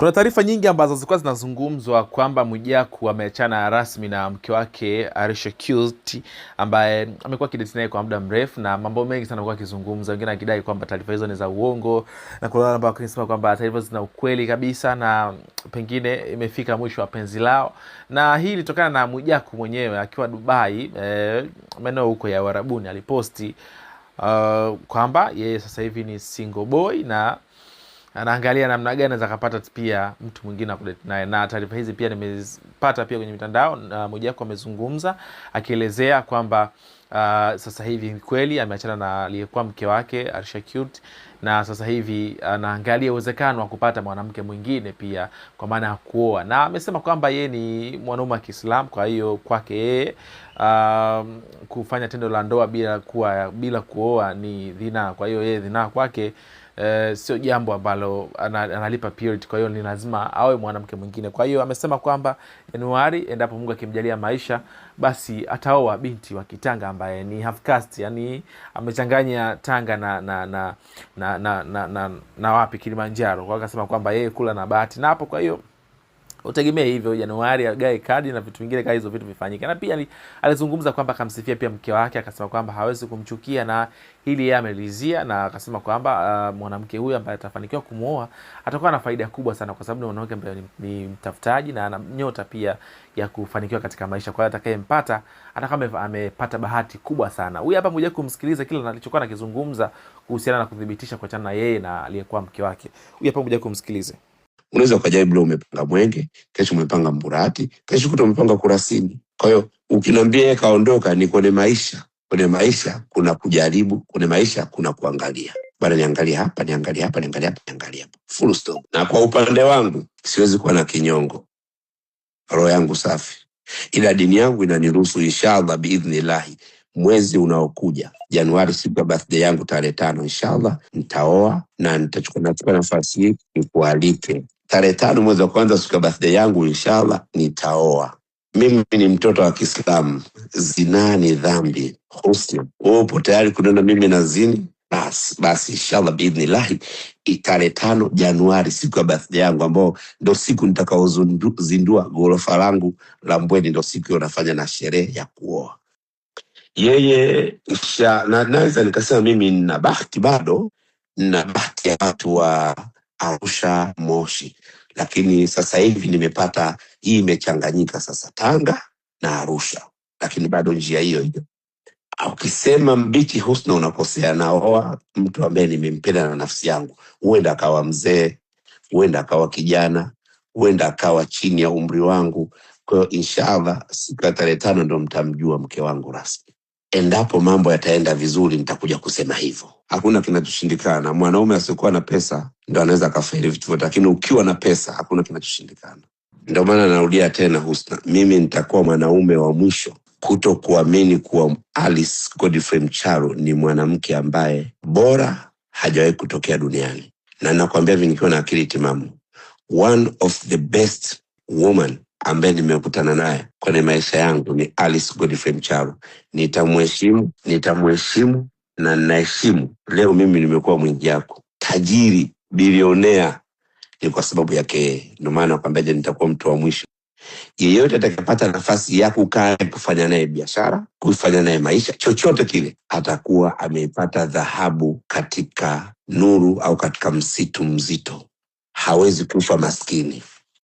Kuna taarifa nyingi ambazo zilikuwa zinazungumzwa kwamba Mwijaku ameachana rasmi na mke wake Arisha Keys ambaye amekuwa akidate naye kwa muda mrefu, na mambo mengi sana amekuwa akizungumza, wengine akidai kwamba taarifa hizo ni za uongo, na kuna ambao wakisema kwamba taarifa zina ukweli kabisa, na pengine imefika mwisho wa penzi lao, na hii ilitokana na Mwijaku mwenyewe akiwa Dubai, eh, maeneo huko ya Uarabuni aliposti uh, kwamba yeye sasa hivi ni single boy na anaangalia namna gani anaweza kapata pia mtu mwingine akudate naye. Na taarifa hizi pia nimezipata pia kwenye mitandao, na moja wako amezungumza akielezea kwamba uh, sasa hivi kweli ameachana na aliyekuwa mke wake Arsha Cute na sasa hivi anaangalia uwezekano wa kupata mwanamke mwingine pia kwa maana ya kuoa, na amesema kwamba yeye ni mwanaume wa Kiislamu, kwa hiyo kwake yeye uh, kufanya tendo la ndoa bila kuwa bila kuoa ni dhinaa. Kwa hiyo yeye dhinaa kwake Uh, sio jambo ambalo analipa period, kwa hiyo ni lazima awe mwanamke mwingine. Kwa hiyo amesema kwamba Januari, endapo Mungu akimjalia maisha, basi ataoa binti wa Kitanga ambaye ni half caste, yani amechanganya Tanga na, na, na, na na, na, na, na, na wapi Kilimanjaro, kwao akasema kwamba yeye kula na bahati na hapo. Kwa hiyo utegemea hivyo Januari agae kadi na vitu vingine kama hizo vitu vifanyike. Na pia alizungumza kwamba akamsifia pia mke wake, akasema kwamba hawezi kumchukia na hili yeye amelizia, na akasema kwamba uh, mwanamke huyu ambaye atafanikiwa kumuoa atakuwa na faida kubwa sana, kwa sababu ni mwanamke ambaye ni, ni mtafutaji na ana nyota pia ya kufanikiwa katika maisha. Kwa hiyo atakayempata atakuwa amepata bahati kubwa sana. Huyu hapa mmoja kumsikiliza kile alichokuwa anakizungumza kuhusiana na kudhibitisha kuachana na yeye na aliyekuwa mke wake. Huyu hapa mmoja kumsikilize. Unaweza ukajaribu leo umepanga Mwenge, kesho umepanga Mburati, kesho kuto umepanga Kurasini. Kwa hiyo ukinambia yeye kaondoka, ni kwenye maisha. Kwenye maisha kuna kujaribu, kwenye maisha kuna kuangalia bana, niangalie hapa, niangalie hapa, niangalie hapa, niangalie hapa, full stop. Na kwa upande wangu siwezi kuwa na kinyongo, roho yangu safi, ila dini yangu inaniruhusu inshallah, biidhnillahi mwezi unaokuja Januari, siku ya birthday yangu tarehe tano, inshallah nitaoa na nitachukua nafasi hii nikualike tarehe tano mwezi wa kwanza, siku ya birthday yangu, inshallah nitaoa. Mimi ni mtoto wa Kiislamu, zinaa ni dhambi. Husna, upo tayari kunena mimi na zini? Basi basi, inshallah biidhnillahi, tarehe tano Januari, siku ya birthday yangu, ambao ndo siku nitakaozindua ghorofa langu la Mbweni. Ndo siku hiyo nafanya na sherehe ya kuoa yeye na, naweza nikasema mimi nina bahati bado, nina bahati ya watu wa Arusha, Moshi, lakini sasa hivi nimepata hii imechanganyika sasa, Tanga na Arusha, lakini bado njia hiyo hiyo. Ukisema mbichi Husna unakosea, naoa mtu ambaye nimempenda na nafsi yangu, huenda akawa mzee, huenda akawa kijana, huenda akawa chini ya umri wangu. Kwa hiyo inshallah, siku ya tarehe tano ndo mtamjua mke wangu rasmi. Endapo mambo yataenda vizuri, nitakuja kusema hivyo hakuna kinachoshindikana. Mwanaume asiokuwa na pesa ndo anaweza akafaili vitu vyote, lakini ukiwa na pesa hakuna kinachoshindikana. Ndio maana narudia tena, Husna, mimi nitakuwa mwanaume wa mwisho kuto kuamini kuwa Alice Godfrey Mcharo ni mwanamke ambaye bora hajawahi kutokea duniani, na nakwambia hivi nikiwa na akili timamu, one of the best woman ambaye nimekutana naye kwenye maisha yangu ni Alice Godfrey Mcharo. Nitamheshimu, nitamheshimu na ninaheshimu. Leo mimi nimekuwa mwingi yako tajiri bilionea, ni kwa sababu yake. Ndio maana nakwambiaje, nitakuwa mtu wa mwisho. Yeyote atakapata nafasi ya kukaa kufanya naye biashara, kufanya naye maisha, chochote kile, atakuwa ameipata dhahabu katika nuru au katika msitu mzito. Hawezi kufa maskini.